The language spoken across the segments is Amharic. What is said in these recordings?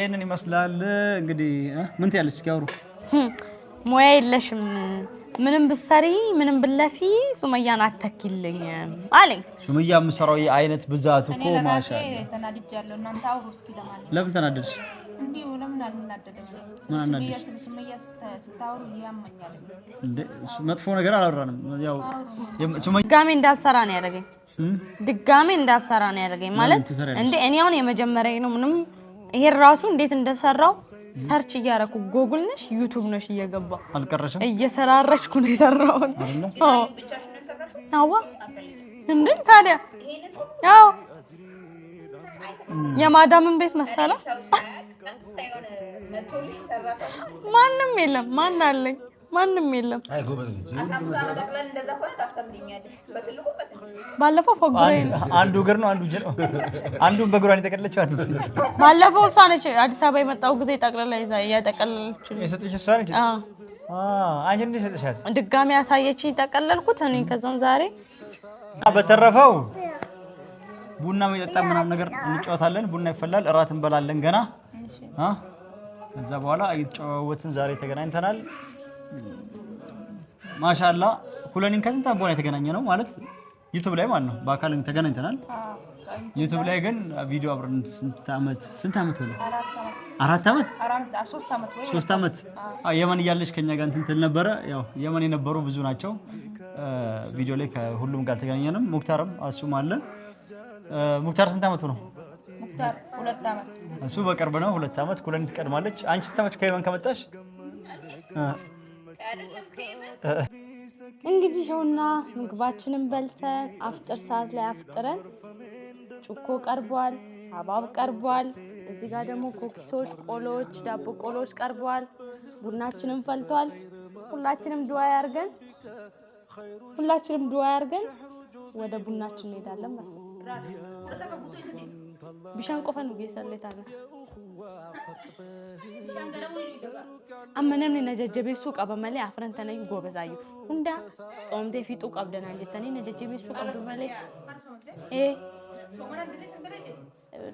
ይሄንን ይመስላል እንግዲህ። ምን ትያለሽ? እስኪያወሩ ሙያ የለሽም ምንም ብሰሪ ምንም ብለፊ ሱመያን አተኪልኝ አለኝ። ሱመያ የምሰራው የአይነት ብዛት እኮ ማሻአላ። ለምን ተናደድሽ? መጥፎ ነገር አላወራንም። ድጋሜ እንዳልሰራ ነው ያደረገኝ። ድጋሜ እንዳልሰራ ነው ያደረገኝ ማለት እንደ እኔ አሁን የመጀመሪያ ነው ምንም ይሄ ራሱ እንዴት እንደሰራው ሰርች እያረኩ ጎግል ነሽ ዩቱብ ነሽ እየገባ አልቀረሽም። እየሰራረችኩ ነው የሰራውን። አዎ እንዴ ታዲያ አዎ የማዳምን ቤት መሰለ ማንም የለም። ማን አለኝ ማንም የለም። ባለፈው አንዱ እግር ነው አንዱ እጅ ነው። አንዱን በግሯን የጠቀለችው አንዱ ባለፈው እሷ ነች። አዲስ አበባ የመጣው ጊዜ ጠቅልላ ይዛ እያጠቀለለችው የሰጠች እሷ ነች። አንቺ እንዴት ሰጠሻት? ድጋሚ ያሳየችኝ ጠቀለልኩት እኔ። ከዛም ዛሬ በተረፈው ቡና መጠጣ ምናምን ነገር እንጫወታለን። ቡና ይፈላል፣ እራት እንበላለን ገና ከዛ በኋላ እየተጫወትን ዛሬ ተገናኝተናል። ማሻላ ኩለኒን ከስንት አንቦና የተገናኘ ነው ማለት ዩቱብ ላይ ማለት ነው። በአካል ተገናኝተናል። ዩቱብ ላይ ግን ቪዲዮ አብረን ስንት ዓመት ስንት ዓመት ሆነ? አራት ዓመት ሶስት ዓመት የመን እያለች ከኛ ጋር እንትን ትል ነበረ። ያው የመን የነበሩ ብዙ ናቸው። ቪዲዮ ላይ ከሁሉም ጋር አልተገናኘንም። ሙክታርም እሱም አለ። ሙክታር ስንት ዓመቱ ነው? እሱ በቅርብ ነው ሁለት ዓመት። ኩለኒ ትቀድማለች። አንቺ ስንት ዓመት ከየመን ከመጣሽ? እንግዲህ ይኸውና ምግባችንን በልተን አፍጥር ሰዓት ላይ አፍጥረን ጩኮ ቀርቧል፣ አባብ ቀርቧል። እዚህ ጋር ደግሞ ኮኪሶች፣ ቆሎች፣ ዳቦ ቆሎች ቀርቧል። ቡናችንም ፈልቷል። ሁላችንም ድዋ ያርገን፣ ሁላችንም ድዋ ያርገን። ወደ ቡናችን እንሄዳለን ማለት ነው። ቢሻን ቆፈን ammanamni na jajjabeessuu qaba malee afran tanayyuu goobasaayyuu hunda xoomtee fiixuu qabdanaan jettanii na jajjabeessuu qabdu malee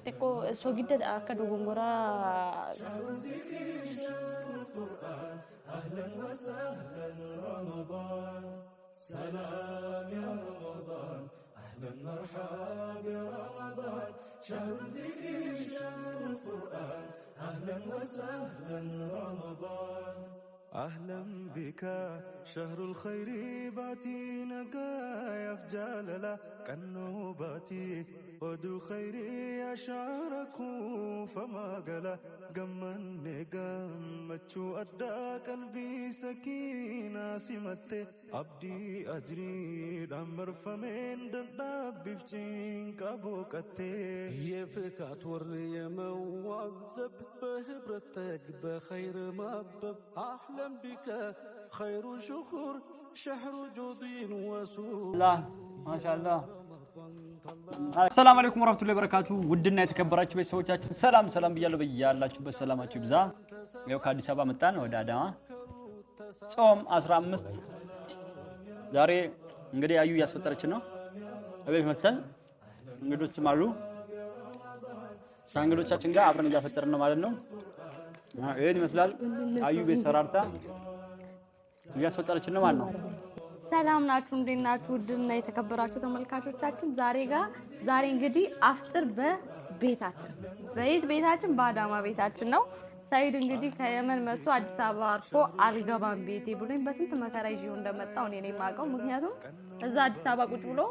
xiqqoo soogidda akka dogongoraa Salam ya Ramadan أهلا مرحبا برمضان شهر الذكر شهر القرآن أهلا وسهلا رمضان أهلا بك شهر الخير نجاح كنو باتي ودو خيري أشاركوا فما قلا قمن مچو ادا قلبي سكينة سمت أبدي أجري دمر فمين دلاب بفجين كابوكتي هي يفكا وري مواب زبت بهبرتك بخير ما أحلم بك خير شخور ሰላም አለይኩም ወራህመቱላሂ ወበረካቱ። ውድና የተከበራችሁ ቤተሰቦቻችን ሰላም ሰላም ብያለሁ። በያላችሁበት ሰላማችሁ ይብዛ። ያው ከአዲስ አበባ መጣን ወደ አዳማ ጾም 15 ዛሬ እንግዲህ አዩ እያስፈጠረችን ነው። እቤት መተን እንግዶችም አሉ። ከእንግዶቻችን ጋር አብረን እያፈጠርን ነው ማለት ነው። ይሄን ይመስላል አዩ ቤት ሰራርታ እያስፈጠረችን ነው ማለት ነው። ሰላም ናችሁ፣ እንዴት ናችሁ? ውድና የተከበራችሁ ተመልካቾቻችን ዛሬ ጋር ዛሬ እንግዲህ አፍጥር በቤታችን በየት ቤታችን በአዳማ ቤታችን ነው። ሰይድ እንግዲህ ከየመን መጥቶ አዲስ አበባ አርፎ አልገባም ቤቴ ብሎኝ በስንት መከራ ይዤው እንደመጣው እኔ ነው የማውቀው። ምክንያቱም እዛ አዲስ አበባ ቁጭ ብሎ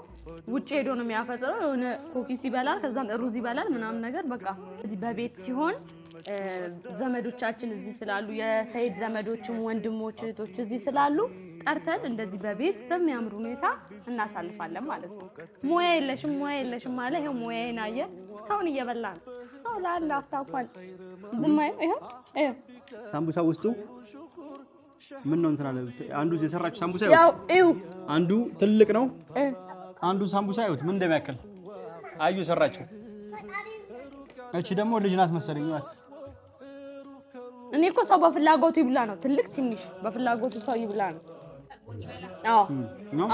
ውጭ ሄዶ ነው የሚያፈጥረው። የሆነ ኮኪስ ይበላል፣ ከዛም ሩዝ ይበላል ምናምን ነገር በቃ እዚህ በቤት ሲሆን ዘመዶቻችን እዚህ ስላሉ የሰይድ ዘመዶችም ወንድሞች እህቶች እዚህ ስላሉ ጠርተን እንደዚህ በቤት በሚያምር ሁኔታ እናሳልፋለን ማለት ነው። ሙያ የለሽም ሙያ የለሽም አለ። ይኸው ሙያዬን አየ እስካሁን እየበላ ነው ሰው ለአንድ አፍታኳል ዝማይ አይም ይኸው ይኸው ሳምቡሳ ውስጡ ምን ነው እንትን አለ አንዱ የሰራችሁ ሳምቡሳ ያው ይኸው አንዱ ትልቅ ነው። አንዱ ሳምቡሳ ይሁት ምን እንደሚያክል አዩ የሰራችው እቺ ደግሞ ልጅ ናት መሰለኝ። እኔ እኮ ሰው በፍላጎቱ ይብላ ነው። ትልቅ ትንሽ በፍላጎቱ ሰው ይብላ ነው። አዎ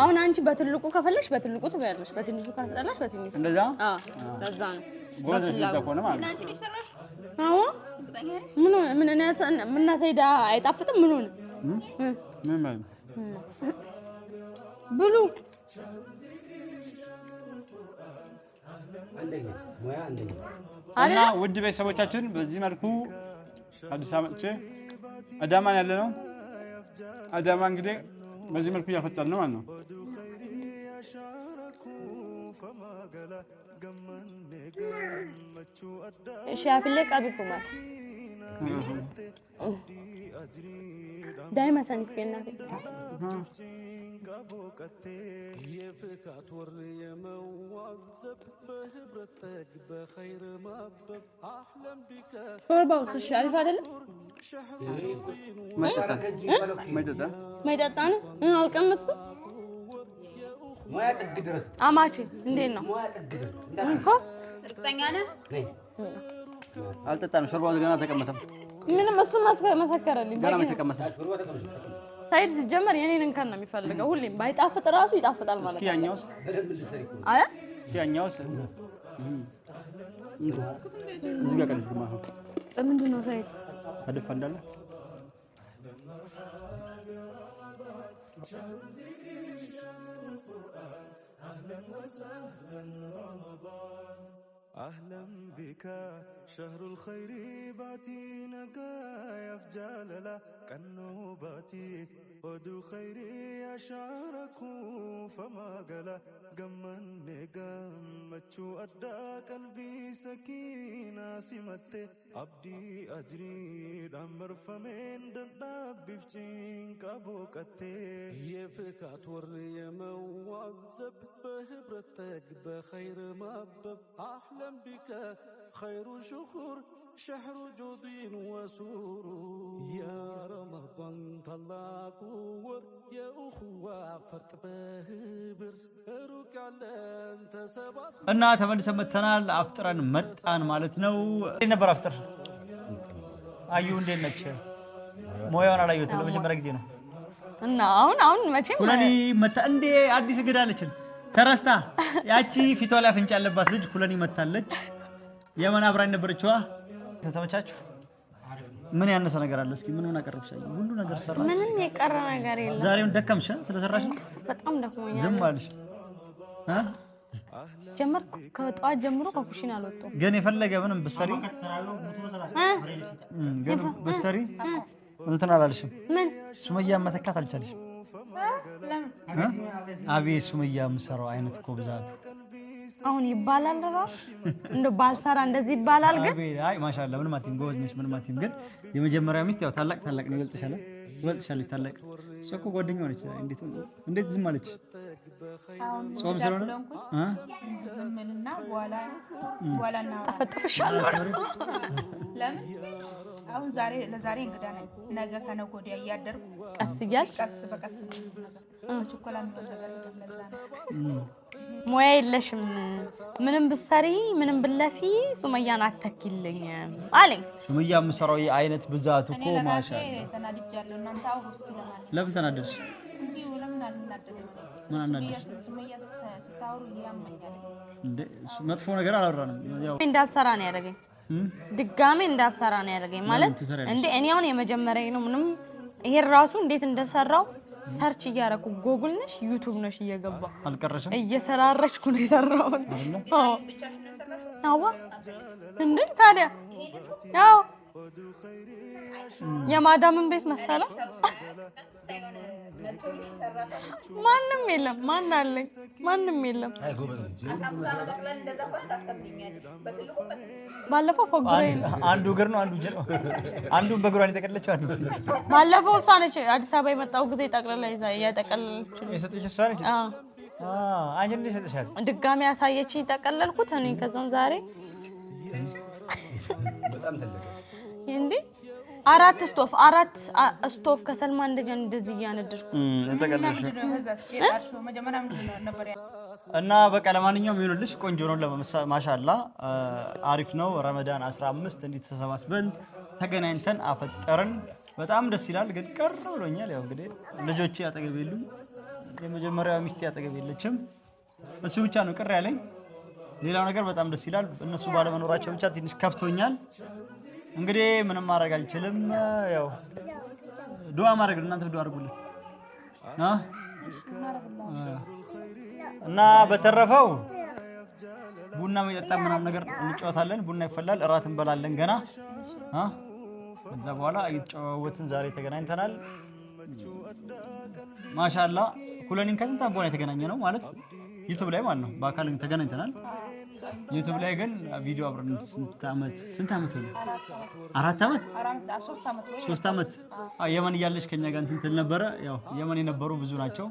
አሁን አንቺ በትልቁ ከፈለሽ በትልቁ ትበያለሽ፣ በትንሹ ካስጠላሽ በትንሹ እንደዛ። አዎ ለዛ ነው ምን ምና ሰይዳ አይጣፍጥም። ምን ሆነ ብሉ እና ውድ ቤተሰቦቻችን በዚህ መልኩ አዲስ አመጥቼ አዳማን ያለ ነው። አዳማ እንግዲህ በዚህ መልኩ እያፈጠር ነው ማለት ነው። እሺ አፍለቅ አብኩማል ዳይመሰን የፍካት ወር የመዋዘብ በህብረት ጠግ በኸይር ማበብ አለም ቢከ ሾርባው ስሽ አሪፍ አይደለም። ማይጠጣ ነው አልቀመስኩም። አማቼ እንዴት ነው? አልጠጣም። ሾርባው ገና አልተቀመሰም። ምንም እሱን መሰከረልኝ። ገና ተቀመሰ ሳይድ ሲጀመር የኔን እንከን ነው የሚፈልገው። ሁሌም ባይጣፍጥ ራሱ ይጣፍጣል ማለት ነው። እስኪ ያኛውስ እዚህ ጋር ቀንሽ ግማ ምንድን ነው ሳይድ አደፋ እንዳለ the أهلا بك شهر الخير باتي نقا يفجال كنوباتي قد الخير يشاركوا فما قلا قمن نقام نقمتشو أدى قلبي سكينة سمت أبدي أجري دمر فمن دلاب بفتين كابوكت يفكات وري مواب زبت بهبرتك بخير ما أحلى أعلم بك خير شكر شهر جود وسرور يا رمضان طلع قور يا أخوة فرق بهبر ሩቅ እና ተመልሰን መተናል። አፍጥረን መጣን ማለት ነው። እንዴት ነበር አፍጥር? አዩ እንዴት ነች? ሞያውን አላየሁትም፣ ለመጀመሪያ ጊዜ ነው እና አሁን አሁን መቼም ሁለኒ መጣ እንዴ አዲስ እንግዳ አለችን ተረስታ ያቺ ፊቷ ላይ አፍንጫ ያለባት ልጅ ኩለኔ መታለች። የመን አብራኝ ነበረችዋ። ተመቻችሁ? ምን ያነሰ ነገር አለ? እስኪ ምን ሆነ ቀረብሽ? ሁሉ ነገር ሰራሽ። ምንም የቀረ ነገር የለም። ዛሬውን ደከምሽ ስለሰራሽ በጣም ደክሞኛል። ዝም አልሽ። ጀመር ከጠዋት ጀምሮ ከኩሽና አልወጣም። ግን የፈለገ ምንም ብትሰሪ ብትሰሪ እንትን አላልሽም። ምን ሱመያ መተካት አልቻልሽም። አቤት ሱመያ የምሰራው አይነት እኮ ብዛቱ አሁን ይባላል ራሱ እንደ ባልሰራ እንደዚህ ይባላል። ግን አይ ማሻአላ ምንም አትይም፣ ጎበዝ ነሽ ምንም አትይም። ግን የመጀመሪያ ሚስት ያው ታላቅ ታላቅ ነው፣ ይበልጥሻል ይበልጥሻል። ታላቅ እሷ እኮ ጓደኛ ሆነች። እንዴት እንዴት ዝም አለች? ጾም ስለሆነ እ ዝምልና በኋላ በኋላ እና ለምን አሁን ዛሬ ለዛሬ እንግዳ ነኝ። ነገ ከነገ ወዲያ እያደርኩ ቀስ እያልሽ ቀስ በቀስ ሙያ የለሽም። ምንም ብሰሪ ምንም ብለፊ ሱመያን አተኪልኝም አለኝ። ሱመያ የምሰራው አይነት ብዛት እኮ ማሻል። ለምን ተናደድሽ? መጥፎ ነገር አላወራንም። እንዳልሰራ ነው ያደረገኝ ድጋሜ እንዳትሰራ ነው ያደርገኝ። ማለት እንደ እኔ አሁን የመጀመሪያ ነው ምንም ይሄ ራሱ እንዴት እንደሰራው ሰርች እያደረኩ ጎግል ነሽ ዩቱብ ነሽ እየገባ አልቀረሽም እየሰራረችኩ ነው የሰራውን። አዎ እንዴ ታዲያ አዎ የማዳምን ቤት መሰለ ማንም የለም። ማን አለኝ? ማንም የለም። ባለፈው ፎግሬ አንዱ እግር ነው አንዱ እጅ ነው። አንዱን በእግሯን የጠቀለችው። አንዱ ባለፈው እሷ ነች። አዲስ አበባ የመጣው ጊዜ ጠቅልላ ይዛ እያጠቀለለችው የሰጠች እሷ ነች። አንቺን እንዴት ሰጥሻል? ድጋሚ ያሳየችኝ ጠቀለልኩት እኔ ከዛም ዛሬ እንዴ አራት ስቶፍ አራት ስቶፍ ከሰልማ እንደጀ እንደዚህ እያነደድኩ እና በቃ ለማንኛውም ይሆንልሽ ቆንጆ ነው ማሻላ አሪፍ ነው። ረመዳን 15 እንዲህ ተሰባስበን ተገናኝተን አፈጠርን። በጣም ደስ ይላል፣ ግን ቀር ብሎኛል። ያው እንግዲህ ልጆቼ አጠገብ የሉም። የመጀመሪያው ሚስቴ አጠገብ የለችም። እሱ ብቻ ነው ቅር ያለኝ። ሌላው ነገር በጣም ደስ ይላል። እነሱ ባለመኖራቸው ብቻ ትንሽ ከፍቶኛል። እንግዲህ ምንም ማድረግ አልችልም። ያው ዱዓ ማድረግ እናንተ ዱዓ አድርጉልኝ እና በተረፈው ቡና የሚጠጣ ምናምን ነገር እንጫወታለን። ቡና ይፈላል፣ እራት እንበላለን ገና ከዛ በኋላ እየተጨዋወትን ዛሬ ተገናኝተናል። ማሻላ ኩለኒን ከስንት በኋላ የተገናኘ ነው ማለት ዩቱብ ላይ ማለት ነው። በአካል ተገናኝተናል። ዩቱብ ላይ ግን ቪዲዮ አብረን ስንት ዓመት ስንት ዓመት ሆነ? አራት ዓመት ሶስት ዓመት የመን እያለች ከኛ ጋር እንትን ትል ነበረ። ያው የመን የነበሩ ብዙ ናቸው።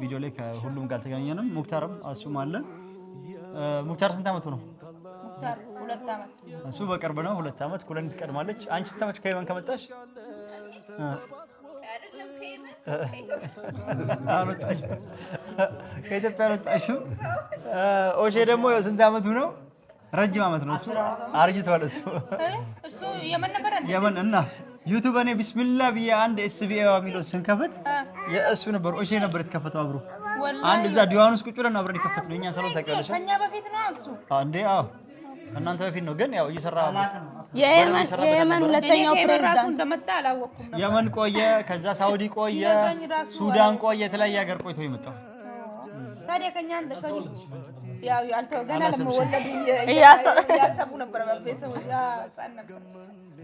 ቪዲዮ ላይ ከሁሉም ጋር ተገናኘንም። ሙክታርም እሱም አለ። ሙክታር ስንት ዓመት ነው? እሱ በቅርብ ነው ሁለት ዓመት። ኩለኒ ትቀድማለች። አንቺ ስንት ዓመት ከየመን ከመጣሽ? ከኢትዮጵያ አልወጣሽም። ኦሼ ደግሞ ስንት አመቱ ነው? ረጅም አመት ነው እሱ አርጅቷል። እሱ የመን እና ዩቱብ እኔ ቢስሚላ ብዬ አንድ ኤስቢኤ የሚለው ስንከፍት የእሱ ነበር ኦሼ ነበር የተከፈተው አብሮ አንድ እዛ ዲዋን ቁጭ ብለን አብረን የከፈት ነው። እኛ ሰሎን ታውቂያለሽ? ከእኛ ነው እናንተ በፊት ነው ግን ያው እየሰራ የየመን ሁለተኛው ፕሬዝዳንት እንደመጣ አላወቅኩም። የመን ቆየ፣ ከዛ ሳውዲ ቆየ፣ ሱዳን ቆየ፣ የተለያየ ሀገር ቆይቶ የመጣው ታዲያ ከኛ እንደ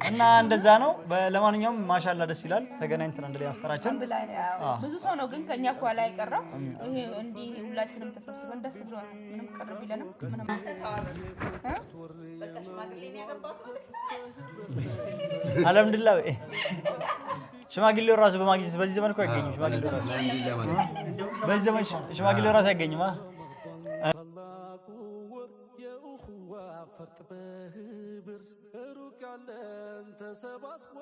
እና እንደዛ ነው። ለማንኛውም ማሻላ ደስ ይላል። ተገናኝተን አንድ ላይ አፍጠራችን ብዙ ሰው ነው ግን ከኛ ኋላ የቀረው እንዲህ ሁላችንም ተሰብስበን ደስ ብሎ ምንም ቀር ቢለንም አልሀምድሊላሂ ሽማግሌው ራሱ በማግኘት በዚህ ዘመን እኮ አይገኝም። ራሱ ሽማግሌው ራሱ አይገኝም። ፈርጥ በህብር ሩቅ ያለን ተሰባስቦ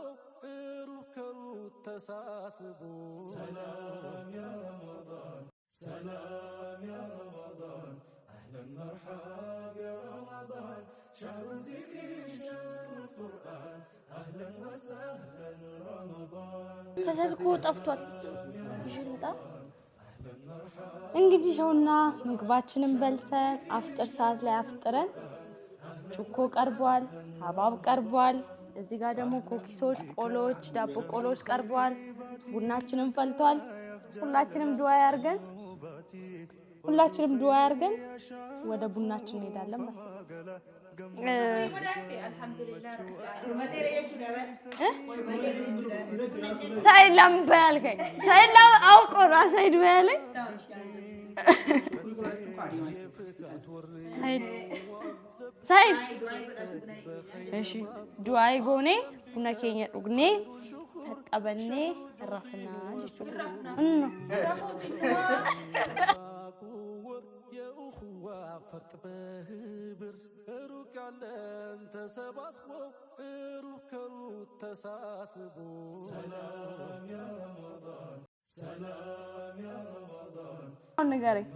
ሩህ ከሩት ተሳስቦ ሰላም ያ ረመዳን ሰላም ያ ረመዳን አህለን መርሓብ ያ ረመዳን ሻሩ ዚክር ሻሩ ቁርአን አህለን ወሰህለን ረመዳን ከሰልኩ ጠፍቷል ሽልጣ እንግዲህ ይኸውና ምግባችንን በልተን አፍጥር ሰዓት ላይ አፍጥረን ቾኮ ቀርቧል። ሀባብ ቀርቧል። እዚህ ጋር ደግሞ ኮኪሶች፣ ቆሎች፣ ዳቦ ቆሎች ቀርቧል። ቡናችንም ፈልቷል። ሁላችንም ድዋ ያርገን ሁላችንም ድዋ ያርገን። ወደ ቡናችን እንሄዳለን። ሳይድ ላም በያልከኝ ሳይድ አውቆ ራ ሳይድ በያለኝ ሳይድ እሺ ዱአይ ጎኔ ቡና ኬኛ ዱግኔ ሩቅ ረፍና ተሰባስቦ ተሳስቦ ንገረኝ፣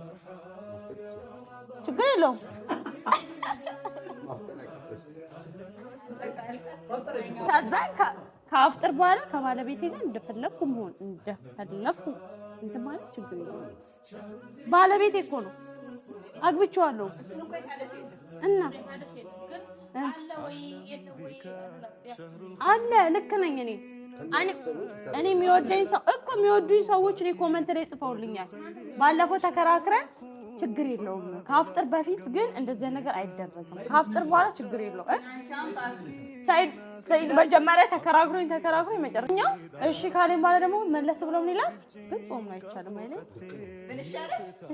ችግር የለውም። ከዛን ከአፍጥር በኋላ ከባለቤቴ ጋር እንደፈለግኩ መሆን እንደፈለግኩ እንትን ማለት ችግር የለውም። ባለቤቴ እኮ ነው፣ አግብቼዋለሁ እና አለ ልክ ነኝ እኔ እኔ የሚወደኝ ሰው እኮ የሚወዱኝ ሰዎች እኔ ኮመንት ላይ ጽፈውልኛል። ባለፈው ተከራክረን ችግር የለውም። ከአፍጥር በፊት ግን እንደዚህ ነገር አይደረግም። ከአፍጥር በኋላ ችግር የለውም። ሰይድ መጀመሪያ ተከራግሮኝ ተከራግሮኝ መጨረሻ እሺ ካለኝ በኋላ ደግሞ መለስ ብለው ምን ይላል? ግን ጾም አይቻልም አይለኝ።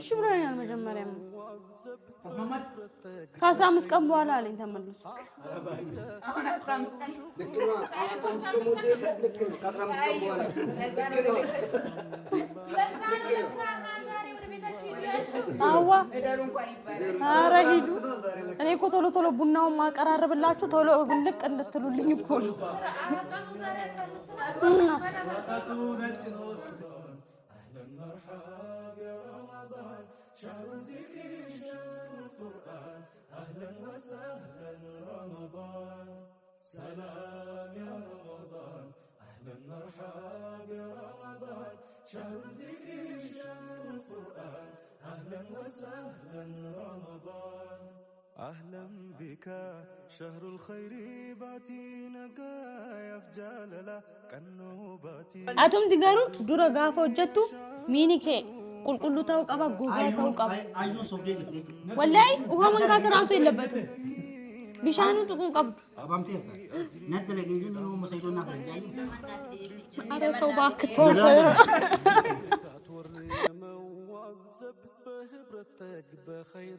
እሺ ብሎኛል። መጀመሪያ ከአስራ አምስት ቀን በኋላ አለኝ ተመልሶ አዋ ኧረ ሂዱ። እኔ እኮ ቶሎ ቶሎ ቡናውን ማቀራረብላችሁ ቶሎ ብልቅ እንድትሉልኝ እኮ ነው። ሰላም أهلا وسهلا رمضان أهلا بك شهر الخير باتينا باتينك يفجى للا كالنوبات أتم دقارو دورا غافو جتو ميني كي قل قلو تاو قبا غوغا تاو قبا والله وها من كاك راسو يلبتو بشانو تكون قبل أبامتي نت لكن جنو مسيطونا بس أنا توباك توباك هم سبت به برتك بخير